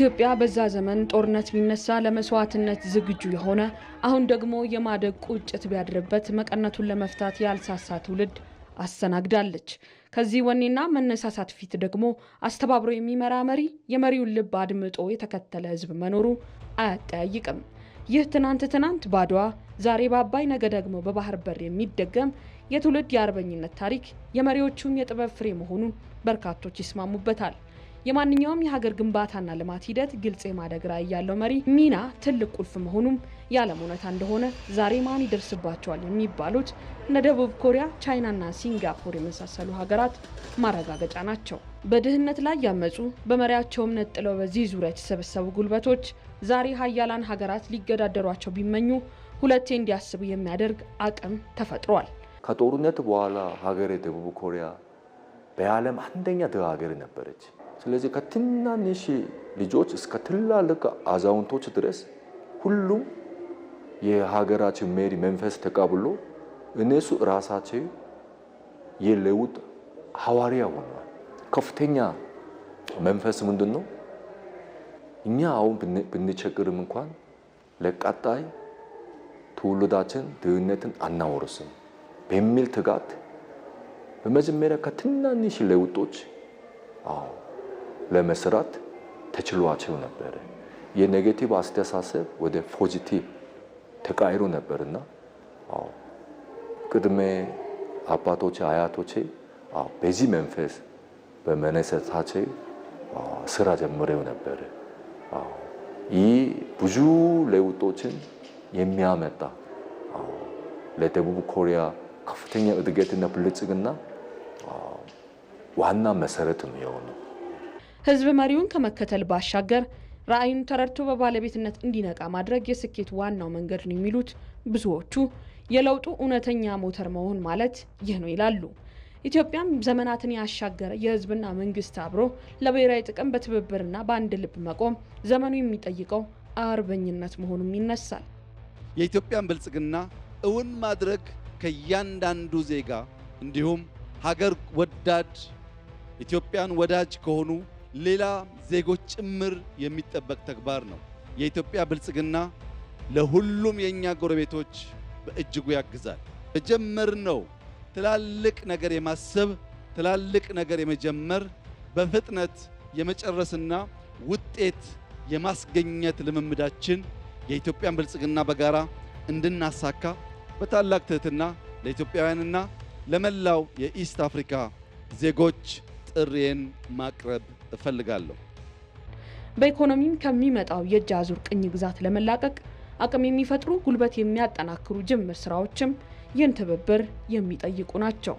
ኢትዮጵያ በዛ ዘመን ጦርነት ቢነሳ ለመስዋዕትነት ዝግጁ የሆነ አሁን ደግሞ የማደግ ቁጭት ቢያድርበት መቀነቱን ለመፍታት ያልሳሳ ትውልድ አስተናግዳለች። ከዚህ ወኔና መነሳሳት ፊት ደግሞ አስተባብሮ የሚመራ መሪ፣ የመሪውን ልብ አድምጦ የተከተለ ህዝብ መኖሩ አያጠያይቅም። ይህ ትናንት ትናንት ባድዋ ዛሬ በአባይ ነገ ደግሞ በባህር በር የሚደገም የትውልድ የአርበኝነት ታሪክ የመሪዎቹም የጥበብ ፍሬ መሆኑን በርካቶች ይስማሙበታል። የማንኛውም የሀገር ግንባታና ልማት ሂደት ግልጽ የማደግ ራዕይ ያለው መሪ ሚና ትልቅ ቁልፍ መሆኑም የዓለም እውነታ እንደሆነ ዛሬ ማን ይደርስባቸዋል የሚባሉት እነ ደቡብ ኮሪያ፣ ቻይናና ሲንጋፖር የመሳሰሉ ሀገራት ማረጋገጫ ናቸው። በድህነት ላይ ያመጹ በመሪያቸውም ነጥለው በዚህ ዙሪያ የተሰበሰቡ ጉልበቶች ዛሬ ሀያላን ሀገራት ሊገዳደሯቸው ቢመኙ ሁለቴ እንዲያስቡ የሚያደርግ አቅም ተፈጥሯል። ከጦርነት በኋላ ሀገሬ ደቡብ ኮሪያ በዓለም አንደኛ ድሃ ሀገር ነበረች። ስለዚህ ከትናንሽ ልጆች እስከ ትላልቅ አዛውንቶች ድረስ ሁሉም የሀገራችን መሪ መንፈስ ተቀብሎ እነሱ ራሳቸው የለውጥ ሐዋርያ ሆኗል። ከፍተኛ መንፈስ ምንድን ነው? እኛ አሁን ብንቸግርም እንኳን ለቀጣይ ትውልዳችን ድህነትን አናወርስም በሚል ትጋት በመጀመሪያ ከትናንሽ ለውጦች አዎ 레메스ራት 대출로와 체우나 빼래. 얘 네게티브 아스테 사세 외대 포지티브 대가이로 내 빼랬나? 어. 그다음에 아빠 도체 아야 도체 아 베지 멤페스 베메네세 사체 어 스라제 머레오 내 빼래. 어이 부주 레우 도체 예미함했다어 레테부부 코리아 카프팅에 어떻게 됐나 불러 찍었나? 어 완나 메사레트 미오노. ህዝብ መሪውን ከመከተል ባሻገር ራዕዩን ተረድቶ በባለቤትነት እንዲነቃ ማድረግ የስኬት ዋናው መንገድ ነው የሚሉት ብዙዎቹ፣ የለውጡ እውነተኛ ሞተር መሆን ማለት ይህ ነው ይላሉ። ኢትዮጵያም ዘመናትን ያሻገረ የህዝብና መንግስት አብሮ ለብሔራዊ ጥቅም በትብብርና በአንድ ልብ መቆም ዘመኑ የሚጠይቀው አርበኝነት መሆኑም ይነሳል። የኢትዮጵያን ብልጽግና እውን ማድረግ ከእያንዳንዱ ዜጋ እንዲሁም ሀገር ወዳድ ኢትዮጵያን ወዳጅ ከሆኑ ሌላ ዜጎች ጭምር የሚጠበቅ ተግባር ነው። የኢትዮጵያ ብልጽግና ለሁሉም የእኛ ጎረቤቶች በእጅጉ ያግዛል። በጀመርነው ትላልቅ ነገር የማሰብ ትላልቅ ነገር የመጀመር በፍጥነት የመጨረስና ውጤት የማስገኘት ልምምዳችን የኢትዮጵያን ብልጽግና በጋራ እንድናሳካ በታላቅ ትህትና ለኢትዮጵያውያንና ለመላው የኢስት አፍሪካ ዜጎች ጥሪዬን ማቅረብ እፈልጋለሁ። በኢኮኖሚም ከሚመጣው የእጅ አዙር ቅኝ ግዛት ለመላቀቅ አቅም የሚፈጥሩ ጉልበት የሚያጠናክሩ ጅምር ስራዎችም ይህን ትብብር የሚጠይቁ ናቸው።